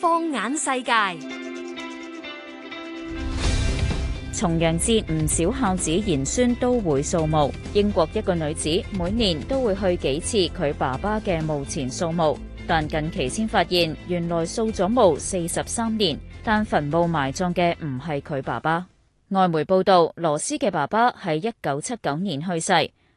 放眼世界，重陽節唔少孝子賢孫都會掃墓。英國一個女子每年都會去幾次佢爸爸嘅墓前掃墓，但近期先發現原來掃咗墓四十三年，但墳墓埋葬嘅唔係佢爸爸。外媒報道，羅斯嘅爸爸喺一九七九年去世。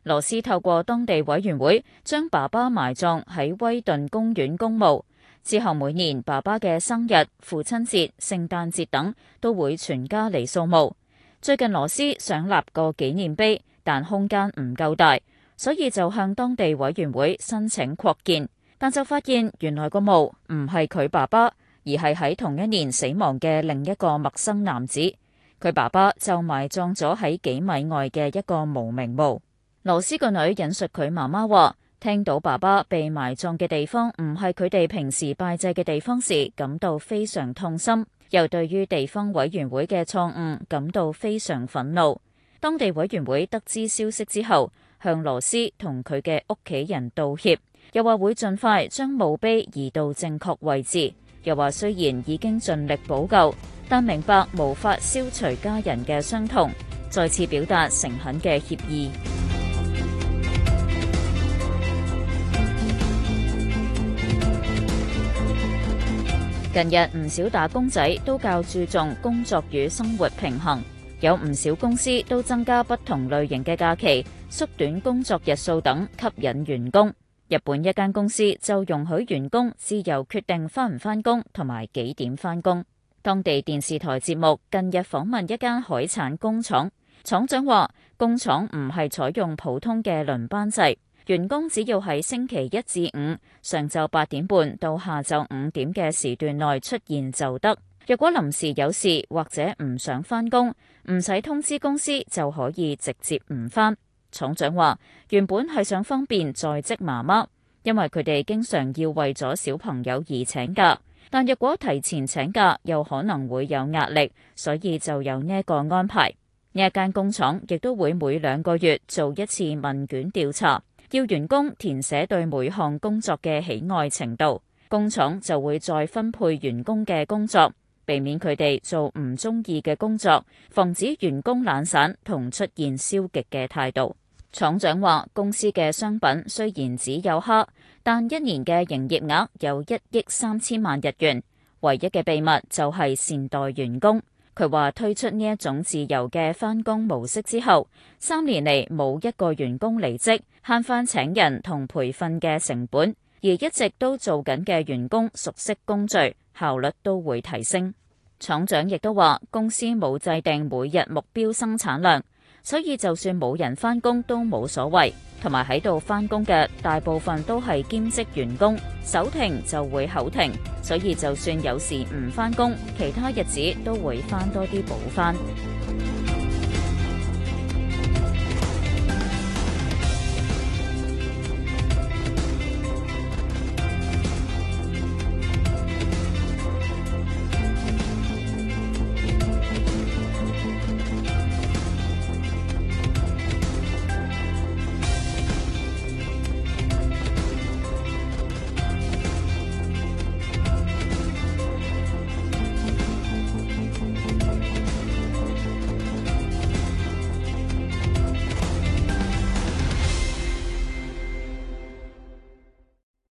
羅斯透過當地委員會將爸爸埋葬喺威頓公園公墓。之後每年爸爸嘅生日、父親節、聖誕節等都會全家嚟掃墓。最近羅斯想立個紀念碑，但空間唔夠大，所以就向當地委員會申請擴建。但就發現原來個墓唔係佢爸爸，而係喺同一年死亡嘅另一個陌生男子。佢爸爸就埋葬咗喺幾米外嘅一個無名墓。羅斯個女引述佢媽媽話，聽到爸爸被埋葬嘅地方唔係佢哋平時拜祭嘅地方時，感到非常痛心，又對於地方委員會嘅錯誤，感到非常憤怒。當地委員會得知消息之後，向羅斯同佢嘅屋企人道歉，又話會盡快將墓碑移到正確位置，又話雖然已經盡力補救，但明白無法消除家人嘅傷痛，再次表達誠懇嘅歉意。近日唔少打工仔都較注重工作與生活平衡，有唔少公司都增加不同類型嘅假期，縮短工作日數等，吸引員工。日本一間公司就容許員工自由決定返唔返工同埋幾點返工。當地電視台節目近日訪問一間海產工廠，廠長話工廠唔係採用普通嘅輪班制。員工只要喺星期一至五上晝八點半到下晝五點嘅時段內出現就得。若果臨時有事或者唔想返工，唔使通知公司就可以直接唔返。廠長話：原本係想方便在職媽媽，因為佢哋經常要為咗小朋友而請假，但若果提前請假又可能會有壓力，所以就有呢個安排。呢間工廠亦都會每兩個月做一次問卷調查。要員工填寫對每項工作嘅喜愛程度，工廠就會再分配員工嘅工作，避免佢哋做唔中意嘅工作，防止員工懶散同出現消極嘅態度。廠長話：公司嘅商品雖然只有黑，但一年嘅營業額有一億三千萬日元，唯一嘅秘密就係善待員工。佢話推出呢一種自由嘅返工模式之後，三年嚟冇一個員工離職，慳翻請人同培訓嘅成本，而一直都做緊嘅員工熟悉工序，效率都會提升。廠長亦都話，公司冇制定每日目標生產量，所以就算冇人返工都冇所謂。同埋喺度返工嘅大部分都係兼職員工，手停就會口停，所以就算有時唔返工，其他日子都會返多啲補返。